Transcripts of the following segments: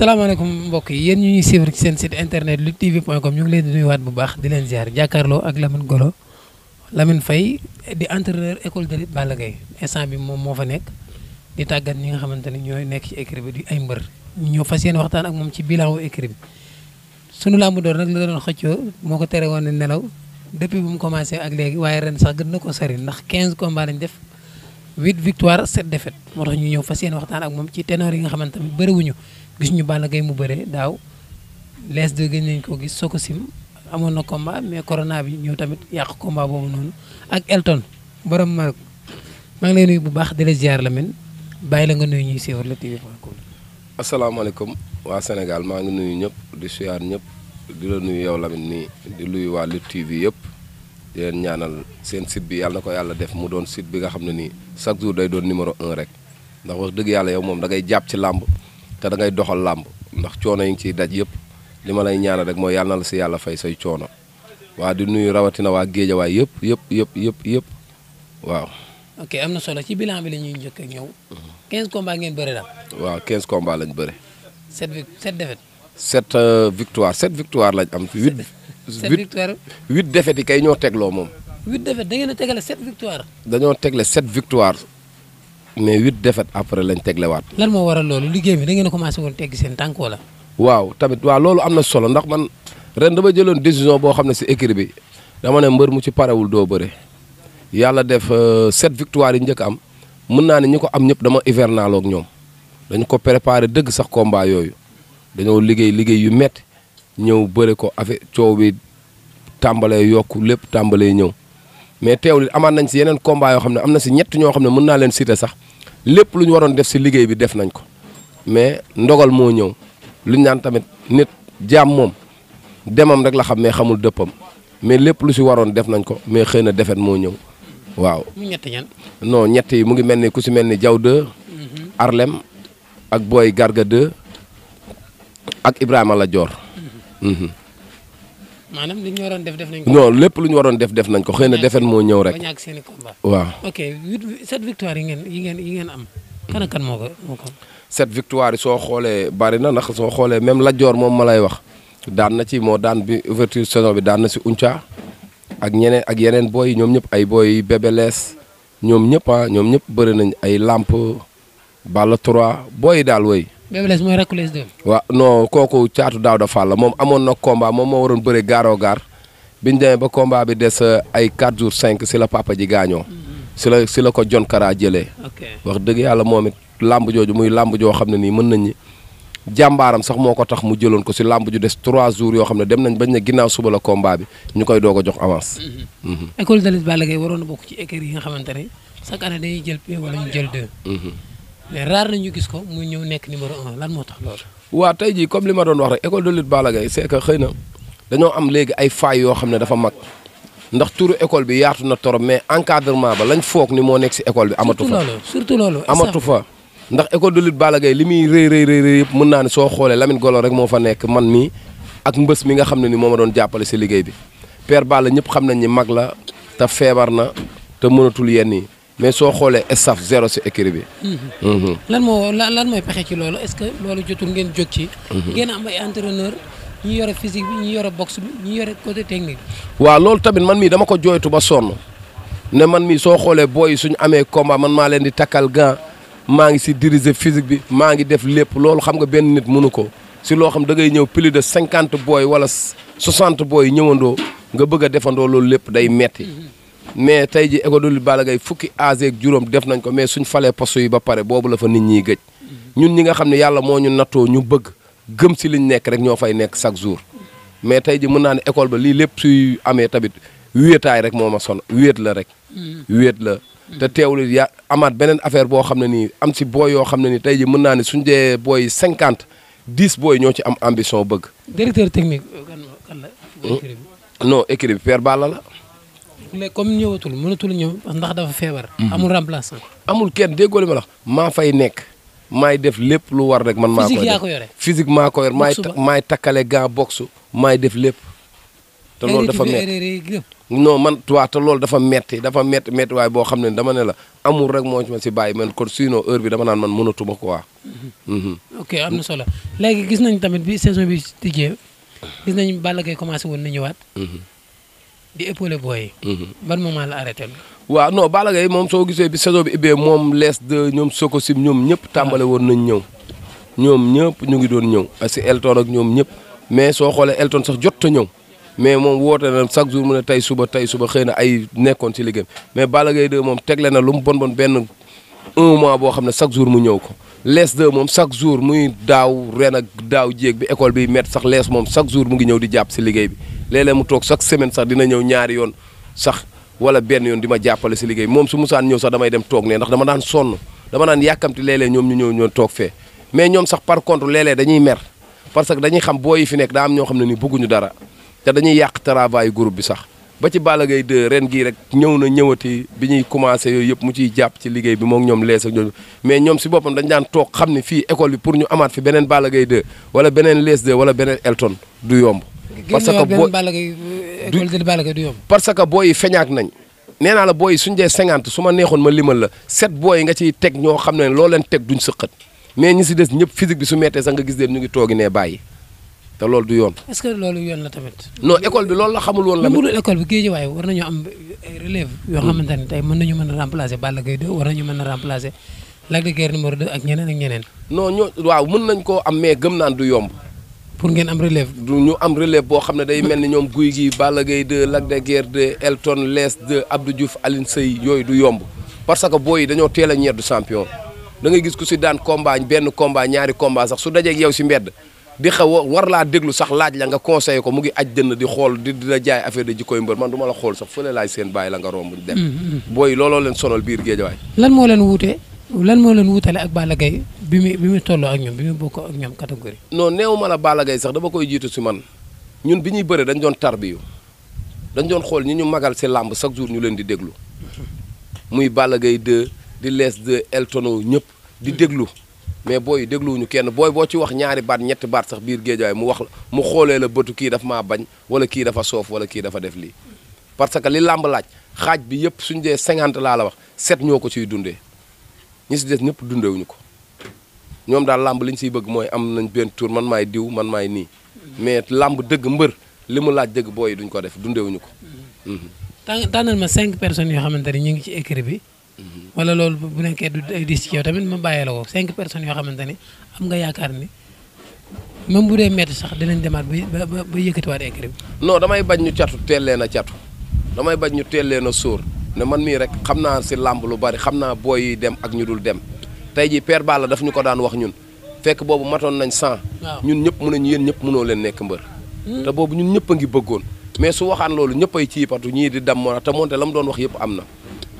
salaamaaleykum mbokk yi yéen ñu ñuy suivre ci seen site internet lutte tv point com ñu ngi leen di nuyuwaat bu baax di leen ziar jàkkaarloo ak Lamine Golo Lamine fay di entraîneur école de lutte Balla Gaye instant bi moom moo fa nekk di tàggat ñi nga xamante ne ñooy nekk ci écurie bi di ay mbër ñu ñëw fas yéene waxtaan ak moom ci bilan wu écurie bi sunu làmb door nag la doon xëccoo moo ko tere woon ne nelaw depuis bu mu commencé ak léegi waaye ren sax gën na ko sori ndax 15 combats lañ def 8 victoires 7 défaites moo tax ñu ñëw fas yéene waxtaan ak moom ci ténor yi nga xamante ne bëriwuñu gis ñu na Gaye mu bëre daaw lees de gën nañ ko gis soo ko sim amoon na combat mais corona bi ñëw tamit yàq combat boobu noonu ak Elton borom Maroc maa ngi nuyu bu baax di la ziar la men bàyyi la nga nuyu ñuy suivre Lutte TV. asalaamaaleykum waa Sénégal maa ngi nuyu ñëpp di ziar ñëpp di la nuyu yow Lamine nii di nuyu waa Lutte TV yëpp di leen ñaanal seen site bi yàlla ko yàlla def mu doon site bi nga xam ne nii chaque jour day doon numéro un rek ndax wax dëgg yàlla yow moom da ngay jàpp ci làmb. te da ngay doxal làmb ndax coono yi ngi ciy daj yëpp li ma lay ñaanal rek mooy yàlla na la si yàlla fay say coono waa di nuyu rawatina waa géejawaay yëpp yëpp yëpp yëpp yëpp waaw. ok am na solo ci bilan bi la ñuy njëkk a ñëw. 15 combats ngeen bëre daal. waaw 15 combats lañ bëre. 7 vic 7 défaites. 7 euh, victoire 7 victoire lañ am. 8 7 victoire 8 défaites yi kay ñoo moom. 8 défaites da ngeen a tegale 7 victoire. dañoo tegle 7 victoire. mais huit défaites après lañ teglewaat. lan moo waral loolu liggéey bi da ngeen a commencé woon teg seen tànk wala. waaw tamit waaw loolu am na solo ndax man ren dama jëloon décision boo xam ne si équipe bi dama ne mbër mu ci parewul doo bëre yàlla def euh, sept victoire yi njëkk am mën naa ne ñi ko am ñëpp dama hivernal ak ñoom dañu ko préparé dëgg sax combat yooyu dañoo liggéey liggéey yu métti ñëw bëre ko affaire coow bi tàmbalee yokk lépp tàmbalee ñëw mais teewul amaat nañ si yeneen combat yoo xam ne am na si ñett ñoo xam ne mën naa leen citer sax lépp lu ñu waroon def si liggéey bi def nañ ko mais ndogal moo ñëw lu ñu naan tamit nit jaam moom demam rek la xam mais xamul dëppam mais lépp lu si waroon def nañ ko mais xëy na defet moo ñëw waaw. mu ñett ñett mu ngi mel ni ku si mel ni Diaw 2. Mhm. Arlem ak Boy Garga 2 ak Ibrahima Ladior. Mhm. Mhm. maanaam li ñu waroon def def nañ ko. lépp lu ñu waroon def def nañ ko xëy na defet moo ñëw rek. ba ñàkk seen i combat. waaw ok victoire yi ngeen yi ngeen yi ngeen am. kan kan moo ko moo ko. sept victoire yi soo xoolee bari na ndax soo xoolee même Lat Dior moom ma lay wax daan na ci moo daan bi ouverture saison bi daan na si Unca ak ñeneen ak yeneen boy yi ñoom ñëpp ay boy yi Bébé ñoom ñëpp ah ñoom ñëpp bëri nañ ay làmp Balla 3 boy yi daal woy Bébé Less mooy rakku Less 2. waaw non kooku caatu Daouda Fall la moom amoon na combat moom moo waroon bëre gaaroo gaar bi ba combat bi des euh, ay 4 jours 5 si la papa ji gaañoo. si la si la ko John Kara jëlee. wax dëgg yàlla moom it làmb jooju muy làmb joo xam ne nii mën nañu jàmbaaram sax moo ko tax mu jëloon ko si làmb ju des trois jours yoo xam ne dem nañ bañ ne ginnaaw suba la combat bi ñu koy doog a jox avance. Mm-hmm. Mm-hmm. école de lutte Balla Gaye waroon na bokk ci écurie yi nga xamante ne chaque année mais rare na ñu gis ko muy ñëw nekk numéro lan moo tax loolu. waaw tey jii comme li ma doon wax rek école de lutte Balla Gaye xëy na dañoo am léegi ay failles yoo xam ne dafa mag ndax turu école bi yaatu na torop mais encadrement ba lañ foog ni moo nekk si école bi. amatu fa surtout amatu fa. ndax école de lutte Balla li muy rëy rëy yëpp mën naa ne soo xoolee Lamine Golo rek moo fa nekk man mii ak mbës mi nga xam ne nii moo ma doon jàppale si liggéey bi père Balla ñëpp xam nañ ni mag la te feebar na te mënatul yenn yi mais soo xoolee staff zéro si écrit bi. Mhm. Mhm. lan moo lan mooy pexe ci loolu est-ce que loolu jotul ngeen jóg ci. Mhm. ngeen am ay entraîneur ñi yore physique bi ñi yore boxe bi ñi yore côté technique waaw loolu tamit man mii dama ko jooytu ba sonn ne man mii soo xoolee booy suñu amee combat man maa leen di takkal gant maa ngi si diriger physique bi maa ngi def lépp loolu xam nga benn nit mënu ko si loo xam da ngay ñëw plus de cinquante booy wala soixante booy ñëwandoo nga bëgg a defandoo loolu lépp day metti mais tey ji école de lutte Balla Gaye fukki âge juróom def nañ ko mais suñ falee poste yi ba pare boobu la fa nit ñiy gëj ñun ñi nga xam ne yàlla moo ñun nattoo ñu bëgg gëm si liñ nekk rek ñoo fay nekk chaque jour mais tey ji mën naa ne école ba lii lépp si amee tamit wéetaay rek moo ma son wéet la rek mm. wéet la mm. te teewul ya amaat beneen affaire boo xam ne nii am si booy yoo xam ne nii tey ji mën naa ne suñ dee booy cinquante dix booy ñoo ci am ambition bëgg directeur technique kan la hmm? non équipe bi Père léegi comme ñëwatul mënatul ñëw ndax dafa feebar. Mhm. amul remplaçant. amul kenn déggoo li ma la maa fay nekk maay def lépp lu war rek man. maa koy def ko yore. physique maa ko yore maay maay takkale gant boxe lépp. te loolu dafa metti non man waa loolu dafa metti dafa metti metti boo xam ne dama ne la amul rek moo ci si bàyyi man kon sinon heure bi dama naan man mënatuma quoi. Mhm. Mhm. ok am na solo léegi gis nañ tamit bi saison bi tijjee gis nañ Balla Gaye commencé woon na ñëwaat. di épaulé booy yi. Mhm. ban moment la arrêté waaw non Balla Gaye moom soo gisee bi saison bi ubbee moom lees de ñoom si ñoom ñëpp tàmbale woon nañ ñëw. ñoom ñëpp ñu ngi doon ñëw parce que Elton ak ñoom ñëpp mais soo xoolee Elton sax jot a ñëw mais moom woote na chaque jour mu ne tey suba tey suba xëy na ay nekkoon ci liggéeyam mais Balla Gaye 2 moom tegle na lu mu bon bon benn un mois boo xam ne chaque jour mu ñëw ko. lees de moom chaque jour muy daaw ren ak daaw jéeg bi école bi met sax lees moom chaque jour mu ngi ñëw di jàpp si liggéey bi. léeg mu toog chaque semaine sax dina ñëw ñaari yoon sax wala benn yoon di ma jàppale si liggéey moom su musaan ñëw sax damay dem toog ne ndax dama daan sonn dama daan yàkkamti léeg-léeg ñoom ñu ñëw ñoo toog fee mais ñoom sax par contre léeg-léeg dañuy mer parce que dañuy xam booy yi fi nekk daa am ñoo xam ne ni bëgguñu dara te dañuy yàq travail groupe bi sax ba ci Balla Gaye ren gii rek ñëw na ñëwati bi ñuy commencé yooyu yëpp mu ciy jàpp ci liggéey bi moom ñoom lees ak ñoom mais ñoom si boppam dañ daan toog xam ni fii école bi pour ñu amaat fi beneen Balla Gaye 2 wala beneen wala beneen Elton du yomb parce que boo du euh, parce que booy yi feñaak nañ. nee naa la booy suñ dee cinquante su ma neexoon ma limal la sept booy yi nga ciy teg ñoo xam ne loo leen teg duñ sëqat mais ñi si des ñëpp physique bi su mettee sax nga gis leen ñu ngi toogi nee bàyyi te loolu du yoon. est-ce que loolu yoon la tamit. non école bi loolu la xamul woon. la mu dul bi géejewaay war nañu am yoo hmm. xamante ne tey mën nañu mën a remplacer Balla Gaye 2 war nañu mën a remplacer Lac de Guiers ak ñeneen ak ñeneen. non ñoo waaw mën nañ koo am mais gëm naan du yomb pour ngeen am relève. du ñu am relève boo xam ne day mel ni ñoom Guy gi Balla Gaye 2 Lac de Guiers 2 Elton Les 2 Abdou Diouf Alioune yooyu du yomb parce que booy dañoo teel a ñeer du champion da ngay gis ku si daan combat benn combat ñaari combat sax su dajee yow si mbedd. di xaw war laa déglu sax laaj la nga conseillé ko mu ngi aj dënn di xool di dina jaay affaire de jikkoy mbër man duma la xool sax fële laaj seen baay la nga romb dem. Mm-hmm. booy looloo leen sonal biir géejawaay. lan lan moo leen wutale ak Balla Gaye bi mu bi mu tolloo ak ñoom bi mu bokkoo ak ñoom catégorie. non néew ma la Balla Gaye sax dama koy jiitu si man ñun bi ñuy bëre dañ doon tarbiyu dañ doon xool ñu ñu magal si làmb chaque jour ñu leen di déglu muy Balla gay 2 di lees 2 El Tono ñëpp di déglu mais booy dégluwuñu kenn booy boo ci wax ñaari baat ñetti baat sax biir géejaay mu wax mu xoolee la bëtu kii dafa maa bañ wala kii dafa soof wala kii dafa def lii parce que li làmb laaj xaaj bi yëpp suñu dee 50 laa la wax set ñoo ko ciy dundee ñi si des ñëpp dundewuñu ko ñoom daal làmb li ñu siy bëgg mooy am nañ benn tour man maay diw man maay nii mais làmb dëgg mbër li mu laaj dëgg booy duñ ko def dundewuñu ko. tànnal ma cinq personnes yoo xamante ne ñu ngi ci écrit bi. wala loolu bu nekkee du ay tamit ma bàyyi la cinq personnes yoo xamante ne am nga yaakaar ni même bu dee métti sax dinañ demaat ba ba ba yëkkatiwaat écrit bi. non damay bañ ñu catu teel leen a catu damay bañ ñu teel leen a sóor. ne man mii rek xam naa si làmb lu bari xam naa booy dem ak ñu dul dem tey jii Père Balla daf ñu ko daan wax ñun fekk boobu matoon nañ cent ñun ñëpp mun nañu yéen ñëpp mënoo leen nekk mbër hmm. boobu ñun ñëpp ngi bëggoon mais su waxaan loolu ñëpp ay ciipatu ñii di dem moo tax te moonte mu doon wax yëpp am na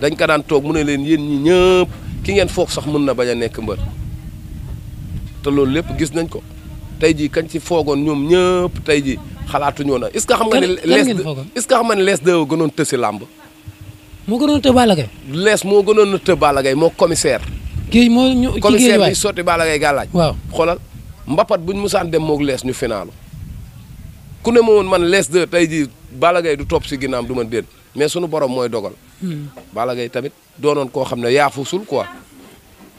dañ ko daan mu ne leen yéen ñi ñëpp ki ngeen foog sax mun na bañ a nekk mbër te loolu lépp gis nañ ko tey jii kañ ci foogoon ñoom ñëpp tey jii xalaatuñoo na est-ce que xam nga ne lees est-ce que xam nga lees de gënoon tësi làmb moo gënoon a tëb Balla lees moo gënoon a tëb Balla Gaye moo commissaire géej moo ñu ci commissaire bi sotti Balla Gaye gàllaaj waaw xoolal mbapat buñ musaan dem moog lees ñu finaalu ku ne ma woon man lees de tey jii balagay du topp si ginnaam du ma déet mais sunu borom mooy dogal hmm. Balla Gaye tamit doonoon koo xam ne yaafu sul quoi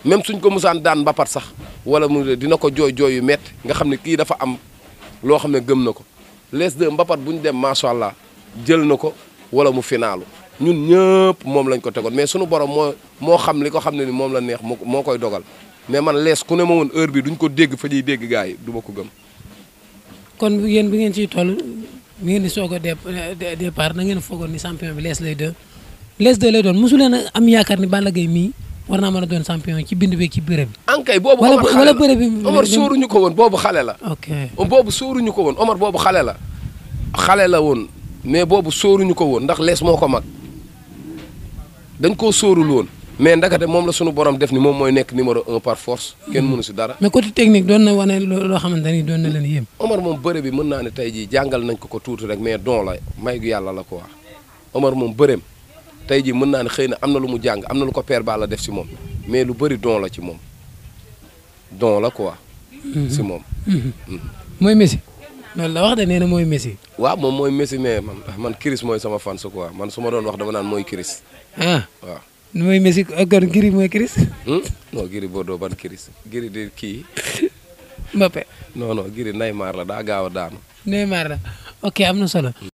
même suñ ko musaan daan mbapat sax wala mu dina ko jooy jooy yu metti nga xam ne kii dafa am loo xam ne gëm na ko lees de mbapat bu ñu dem macha allah jël na ko wala mu finaalu ñun ñëpp moom lañ ko tegoon mais sunu borom moo moo xam li ko xam ne ni moom la neex moo moo koy dogal mais man lees ku ne ma woon heure bi duñ ko dégg fa ñuy dégg gars yi du ma ko gëm. kon yéen bi ngeen ciy toll bi ngeen di soog a départ na ngeen foogoon ni champion bi lees lay doon lees de lay doon mosu leen am yaakaar ni Balla Gaye mii war naa mën a doon champion ci bind bi ci bëre bi. ankay boobu Omar xale la wala bëre ko woon boobu xale la. ok boobu sóoruñu ko woon Omar boobu xale la. xale la woon mais boobu sóoruñu ko woon ndax lees moo ko mag. dañ ko sóorul woon mais ndakate moom la suñu borom def ni moom mooy nekk numéro un par force kenn mënu si dara mais côté technique doon na wane loo xamante ni doon na leen yéem Omar moom bëre bi mën tey jii jàngal nañ ko ko tuuti rek mais don la may gu yàlla la ko wax Omar moom bëreem tey jii mën naa ne xëy na am na lu mu jàng am na lu ko père ba la moom mais lu bëri don la ci moom la quoi mhm. si moom mhm. Mhm. mooy Messi loolu la mooy Messi waaw moom mooy Messi mais man man Chris mooy sama fan su quoi man su ma doon wax dama naan mooy Chris ah waaw ah. mooy Messi ah, kon Gris mooy Chris. Hmm? non Gris Bordeaux ban Chris Gris di kii. Mbappé no giri Gris Neymar la daa gaaw a daanu. Neymar la ok am na solo.